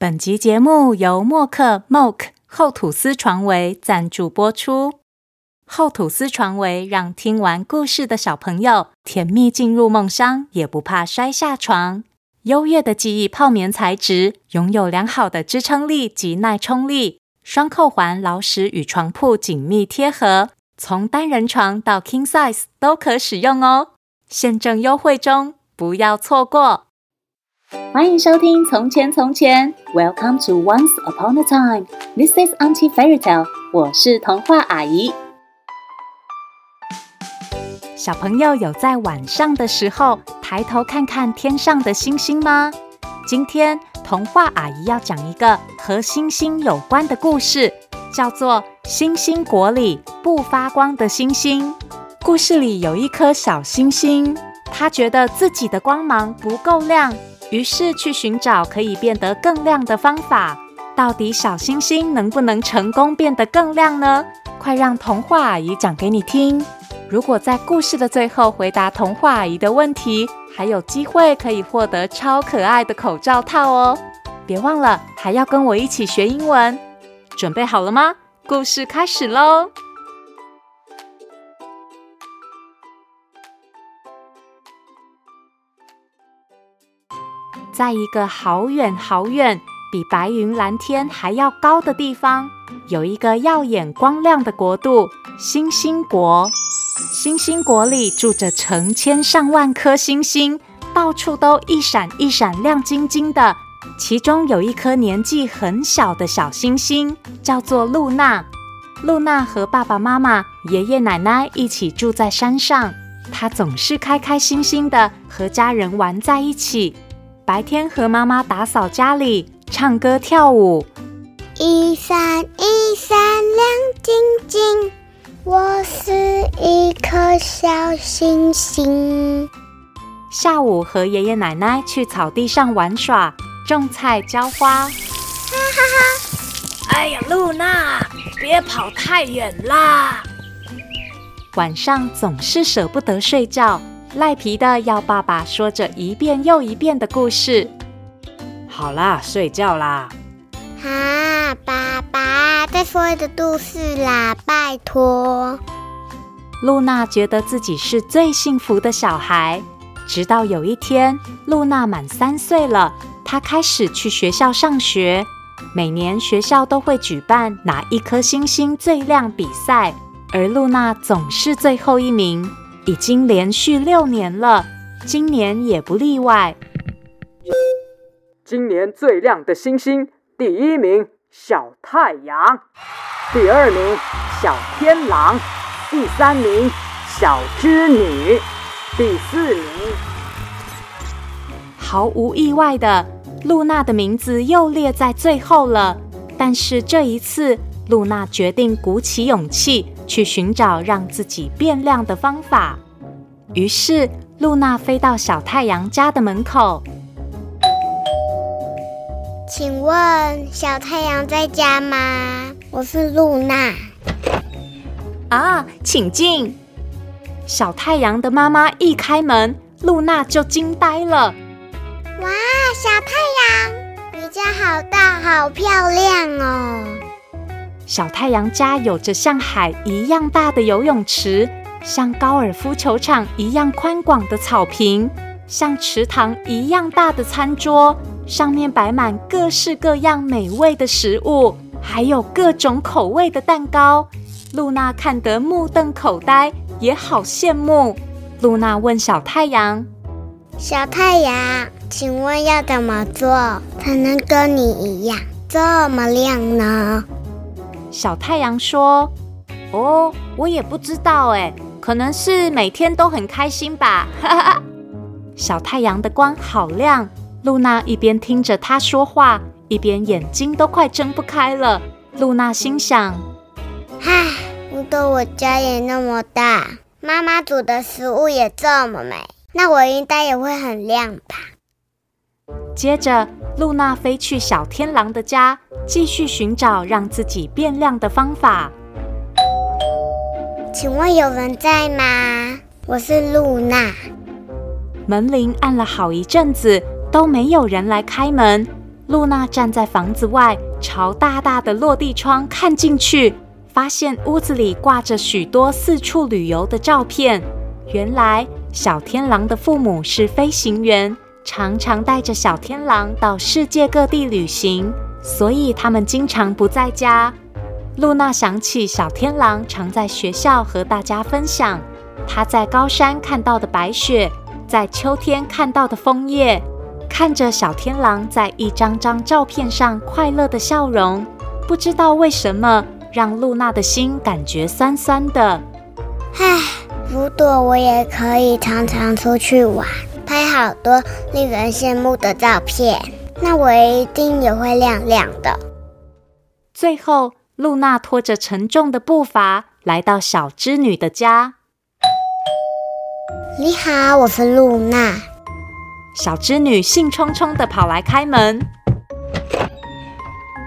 本集節目由莫克 （Moek） 厚吐司床圍贊助播出。厚吐司床圍讓聽完故事的小朋友甜蜜進入夢鄉，也不怕摔下床。優越的記憶泡棉材質，擁有良好的支撐力及耐衝力。雙扣環牢實與床鋪緊密貼合，從單人床到 King Size 都可使用哦。現正優惠中，不要錯過！歡迎收聽《從前從前》，Welcome to Once Upon a Time。This is Auntie Fairy Tale。我是童話阿姨。小朋友有在晚上的時候抬頭看看天上的星星嗎？今天童話阿姨要講一個和星星有關的故事，叫做《星星國裡不發光的星星》。故事裡有一顆小星星，它覺得自己的光芒不夠亮。於是去尋找可以變得更亮的方法。到底小星星能不能成功變得更亮呢？快讓童話阿姨講給你聽。如果在故事的最後回答童話阿姨的問題，還有機會可以獲得超可愛的口罩套哦！別忘了還要跟我一起學英文。準備好了嗎？故事開始嘍！在一個好遠好遠、比白雲藍天還要高的地方，有一個耀眼光亮的國度——星星國。星星國裡住着成千上萬顆星星，到處都一閃一閃、亮晶晶的。其中有一顆年紀很小的小星星，叫做露娜。露娜和爸爸媽媽、爺爺奶奶一起住在山上，她總是開開心心的和家人玩在一起。白天和媽媽打掃家裡，唱歌跳舞。一閃一閃亮晶晶，我是一顆小星星。下午和爺爺奶奶去草地上玩耍，種菜澆花。哈哈哈！哎呀，露娜，別跑太遠啦！晚上總是捨不得睡覺。賴皮的要爸爸說着一遍又一遍的故事。好啦，睡覺啦。啊，爸爸，再說一個故事啦，拜托。露娜覺得自己是最幸福的小孩，直到有一天，露娜滿三歲了，她開始去學校上學。每年學校都會舉辦哪一顆星星最亮比賽，而露娜總是最後一名。已經連續六年了，今年也不例外。今年最亮的星星，第一名小太陽，第二名小天狼，第三名小織女，第四名。毫無意外的，露娜的名字又列在最後了。但是這一次，露娜決定鼓起勇氣。去尋找讓自己變亮的方法。於是，露娜飛到小太陽家的門口。請問小太陽在家嗎？我是露娜。啊，請進。小太陽的媽媽一開門，露娜就驚呆了。哇，小太陽，你家好大，好漂亮哦！小太陽家有着像海一樣大的游泳池，像高爾夫球場一樣寬廣的草坪，像池塘一樣大的餐桌，上面擺滿各式各樣美味的食物，還有各種口味的蛋糕。露娜看得目瞪口呆，也好羨慕。露娜問小太陽：“小太陽，請問要怎麼做才能跟你一樣這麼亮呢？”小太陽說：“哦，我也不知道哎，可能是每天都很開心吧。”哈哈，小太陽的光好亮。露娜一邊聽着它說話，一邊眼睛都快睜不開了。露娜心想：“唉，如果我家也那麼大，媽媽煮的食物也這麼美，那我應該也會很亮吧？”接着，露娜飛去小天狼的家，繼續尋找讓自己變亮的方法。請問有人在嗎？我是露娜。門鈴按了好一陣子，都沒有人來開門。露娜站在房子外，朝大大的落地窗看進去，發現屋子裡掛着許多四處旅遊的照片。原來，小天狼的父母是飛行員。常常帶着小天狼到世界各地旅行，所以他們經常不在家。露娜想起小天狼常在學校和大家分享她在高山看到的白雪，在秋天看到的楓葉，看着小天狼在一張張照片上快樂的笑容，不知道為什麼讓露娜的心感覺酸酸的。唉，如果我也可以常常出去玩。拍好多令人羨慕的照片，那我一定也會亮亮的。最後，露娜拖着沉重的步伐來到小織女的家。你好，我是露娜。小織女興沖沖的跑來開門。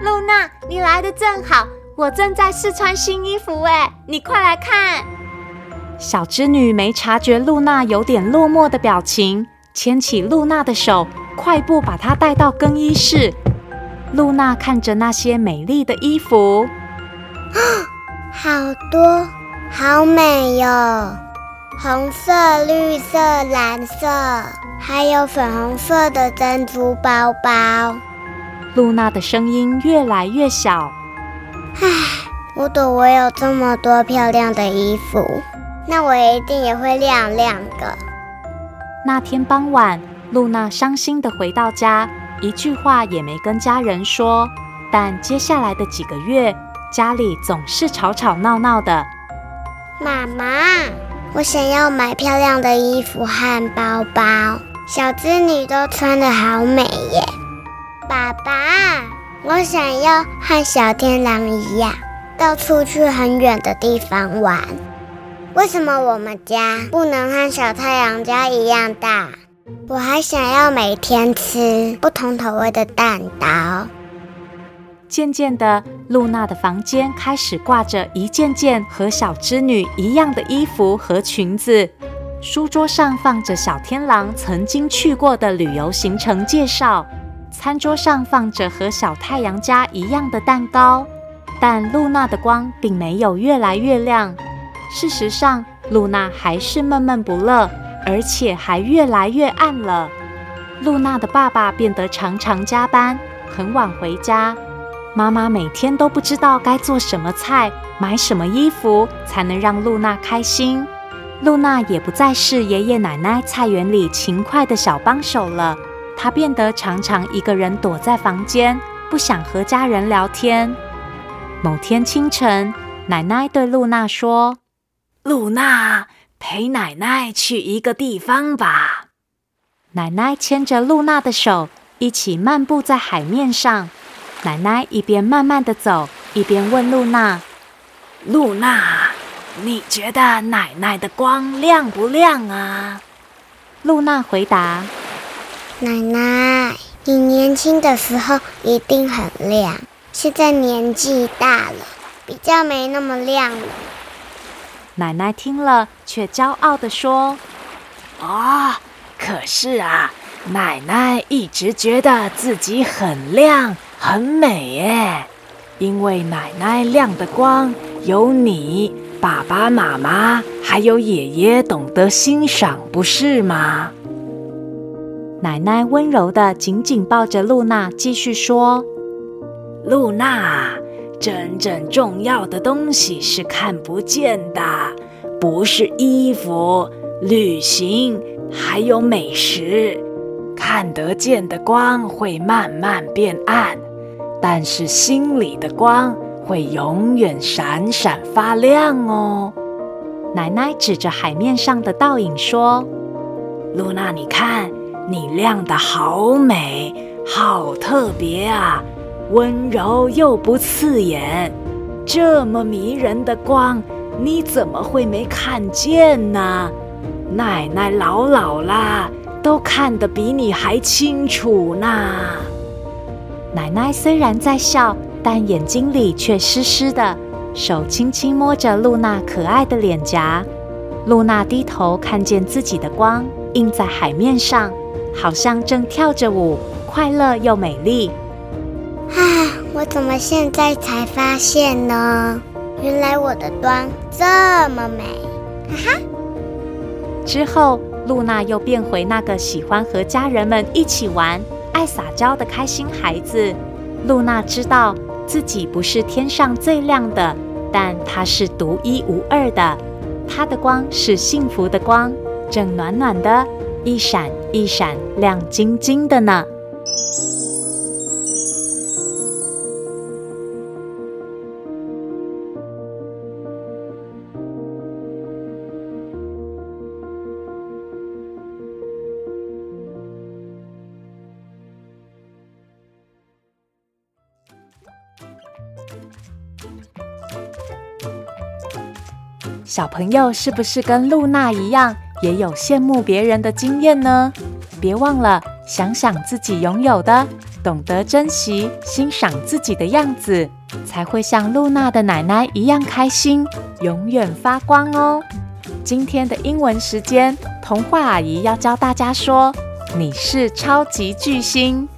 露娜，你來得正好，我正在試穿新衣服誒，你快來看。小織女沒察覺露娜有點落寞的表情，牽起露娜的手，快步把她帶到更衣室。露娜看着那些美麗的衣服，啊，好多，好美喲！紅色、綠色、藍色，還有粉紅色的珍珠包包。露娜的聲音越來越小。唉，如果我有這麼多漂亮的衣服，那我一定也會亮亮的。那天傍晚，露娜傷心地回到家，一句話也沒跟家人說。但接下來的幾個月，家裡總是吵吵鬧鬧的。媽媽，我想要買漂亮的衣服和包包，小織女都穿得好美耶。爸爸，我想要和小天狼一樣，到處去很遠的地方玩。為什麼我們家不能和小太陽家一樣大？我還想要每天吃不同口味的蛋糕。漸漸的，露娜的房間開始掛着一件件和小織女一樣的衣服和裙子，書桌上放着小天狼曾經去過的旅遊行程介紹，餐桌上放着和小太陽家一樣的蛋糕，但露娜的光並沒有越來越亮。事實上，露娜還是悶悶不樂，而且還越來越暗了。露娜的爸爸變得常常加班，很晚回家。媽媽每天都不知道該做什麼菜，買什麼衣服才能讓露娜開心。露娜也不再是爺爺奶奶菜園裡勤快的小幫手了，她變得常常一個人躲在房間，不想和家人聊天。某天清晨，奶奶對露娜說。露娜，陪奶奶去一個地方吧。奶奶牽着露娜的手，一起漫步在海面上。奶奶一邊慢慢地走，一邊問露娜：“露娜，你覺得奶奶的光亮不亮啊？”露娜回答：“奶奶，你年輕的時候一定很亮，現在年紀大了，比較沒那麼亮了。”奶奶聽了，卻驕傲地說：“啊、哦，可是啊，奶奶一直覺得自己很亮很美耶，因為奶奶亮的光有你、爸爸、媽媽，還有爺爺懂得欣賞，不是嗎？”奶奶溫柔的緊緊抱着露娜，繼續說：“露娜。”真正重要的東西是看不見的，不是衣服、旅行，還有美食。看得見的光會慢慢變暗，但是心裡的光會永遠閃閃發亮哦。奶奶指着海面上的倒影說：“露娜，你看，你亮得好美，好特別啊。”溫柔又不刺眼，這麼迷人的光，你怎麼會沒看見呢？奶奶老老啦，都看得比你還清楚呢。奶奶雖然在笑，但眼睛裡卻濕濕的，手輕輕摸着露娜可愛的臉頰。露娜低頭看見自己的光映在海面上，好像正跳着舞，快樂又美麗。我怎麼現在才發現呢？原來我的光這麼美，哈哈！之後，露娜又變回那個喜歡和家人們一起玩、愛撒嬌的開心孩子。露娜知道自己不是天上最亮的，但她是獨一無二的。她的光是幸福的光，正暖暖的，一閃一閃，亮晶晶的呢。小朋友是不是跟露娜一樣，也有羨慕別人的經驗呢？別忘了想想自己擁有的，懂得珍惜、欣賞自己的樣子，才會像露娜的奶奶一樣開心，永遠發光哦！今天的英文時間，童話阿姨要教大家說：“你是超級巨星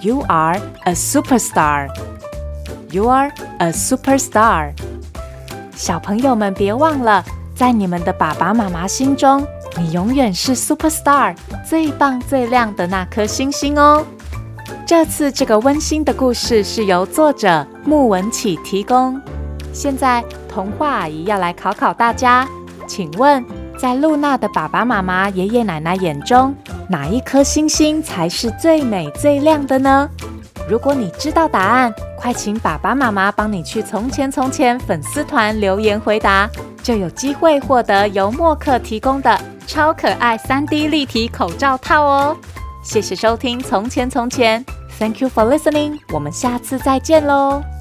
，You are a superstar. You are a superstar.” 小朋友們，別忘了，在你們的爸爸媽媽心中，你永遠是 super star 最棒最亮的那顆星星哦。這次這個溫馨的故事是由作者慕文豈提供。現在，童話阿姨要來考考大家，請問，在露娜的爸爸媽媽、爺爺奶奶眼中，哪一顆星星才是最美最亮的呢？如果你知道答案，快請爸爸媽媽幫你去《從前從前》粉絲團留言回答，就有機會獲得由莫克提供的超可愛 3D 立體口罩套哦！謝謝收聽《從前從前》，Thank you for listening，我們下次再見嘍！